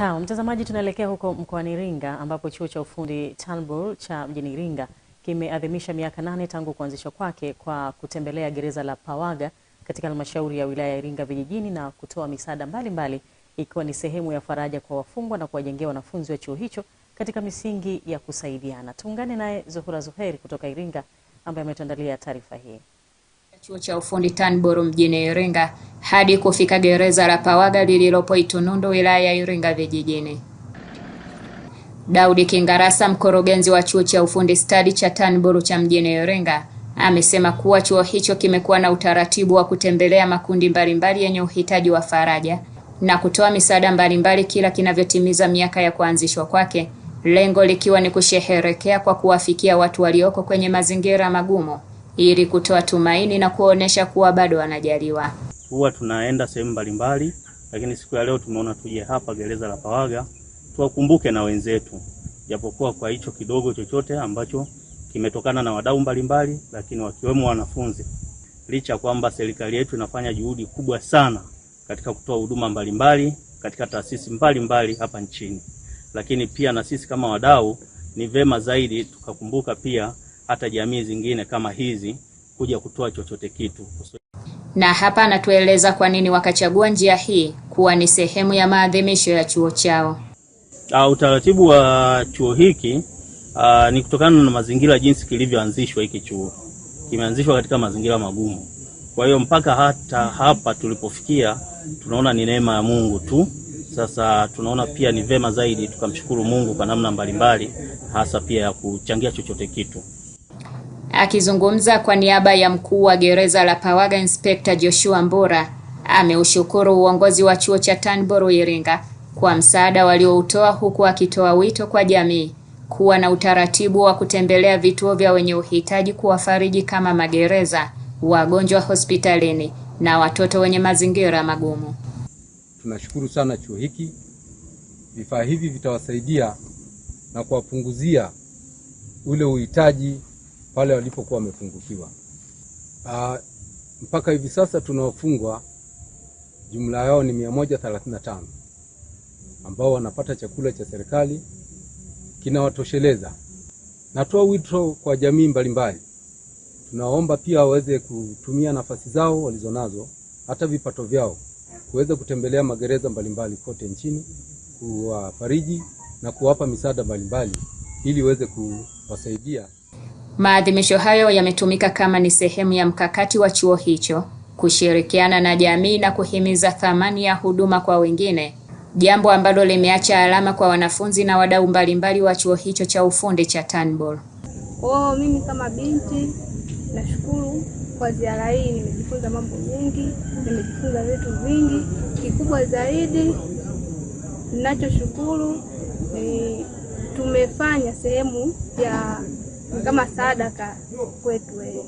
Sawa, mtazamaji, tunaelekea huko mkoani Iringa ambapo chuo cha ufundi TANBUL cha mjini Iringa kimeadhimisha miaka nane tangu kuanzishwa kwake kwa kutembelea gereza la Pawaga katika halmashauri ya wilaya ya Iringa vijijini na kutoa misaada mbalimbali ikiwa ni sehemu ya faraja kwa wafungwa na kuwajengea wanafunzi wa chuo hicho katika misingi ya kusaidiana. Tuungane naye Zuhura Zuheri kutoka Iringa ambaye ametuandalia taarifa hii chuo cha ufundi Tanboro mjini Iringa hadi kufika gereza la Pawaga lililopo Itunundo wilaya ya Iringa vijijini. Daudi Kingarasa mkurugenzi wa chuo cha ufundi stadi cha Tanboro cha mjini Iringa amesema kuwa chuo hicho kimekuwa na utaratibu wa kutembelea makundi mbalimbali yenye uhitaji wa faraja na kutoa misaada mbalimbali kila kinavyotimiza miaka ya kuanzishwa kwake, lengo likiwa ni kusherehekea kwa kuwafikia watu walioko kwenye mazingira magumu ili kutoa tumaini na kuonesha kuwa bado wanajaliwa. Huwa tunaenda sehemu mbalimbali, lakini siku ya leo tumeona tuje hapa gereza la Pawaga tuwakumbuke na wenzetu, japokuwa kwa hicho kidogo chochote ambacho kimetokana na wadau mbalimbali, lakini wakiwemo wanafunzi, licha kwamba serikali yetu inafanya juhudi kubwa sana katika kutoa huduma mbalimbali katika taasisi mbalimbali hapa nchini, lakini pia na sisi kama wadau ni vema zaidi tukakumbuka pia hata jamii zingine kama hizi kuja kutoa chochote kitu. Na hapa anatueleza kwa nini wakachagua njia hii kuwa ni sehemu ya maadhimisho ya chuo chao. Uh, utaratibu wa chuo hiki uh, ni kutokana na mazingira jinsi kilivyoanzishwa. Hiki chuo kimeanzishwa katika mazingira magumu, kwa hiyo mpaka hata hapa tulipofikia tunaona ni neema ya Mungu tu. Sasa tunaona pia ni vema zaidi tukamshukuru Mungu kwa namna mbalimbali, hasa pia ya kuchangia chochote kitu. Akizungumza kwa niaba ya mkuu wa gereza la Pawaga, Inspekta Joshua Mbura ameushukuru uongozi wa chuo cha Tanboro Iringa kwa msaada walioutoa, huku akitoa wito kwa jamii kuwa na utaratibu wa kutembelea vituo vya wenye uhitaji kuwafariji kama magereza, wagonjwa hospitalini na watoto wenye mazingira magumu. Tunashukuru sana chuo hiki. Vifaa hivi vitawasaidia na kuwapunguzia ule uhitaji pale walipokuwa wamefungukiwa. Uh, mpaka hivi sasa tunaofungwa jumla yao ni 135 ambao wanapata chakula cha serikali kinawatosheleza. Natoa wito kwa jamii mbalimbali, tunaomba pia waweze kutumia nafasi zao walizonazo hata vipato vyao kuweza kutembelea magereza mbalimbali kote nchini kuwafariji na kuwapa misaada mbalimbali ili iweze kuwasaidia. Maadhimisho hayo yametumika kama ni sehemu ya mkakati wa chuo hicho kushirikiana na jamii na kuhimiza thamani ya huduma kwa wengine, jambo ambalo limeacha alama kwa wanafunzi na wadau mbalimbali wa chuo hicho cha ufundi cha Turnbull. Oh, mimi kama binti nashukuru kwa ziara hii, nimejifunza mambo mengi, nimejifunza vitu vingi. Kikubwa zaidi ninachoshukuru ni tumefanya sehemu ya kama sadaka kwetu wewe.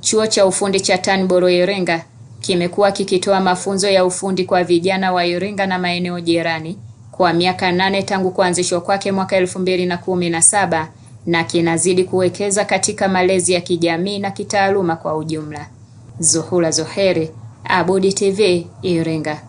Chuo cha ufundi cha Tanboro Iringa kimekuwa kikitoa mafunzo ya ufundi kwa vijana wa Iringa na maeneo jirani kwa miaka nane tangu kuanzishwa kwake mwaka elfu mbili na kumi na saba na kinazidi kuwekeza katika malezi ya kijamii na kitaaluma kwa ujumla. Zuhura Zoheri, Abudi TV, Iringa.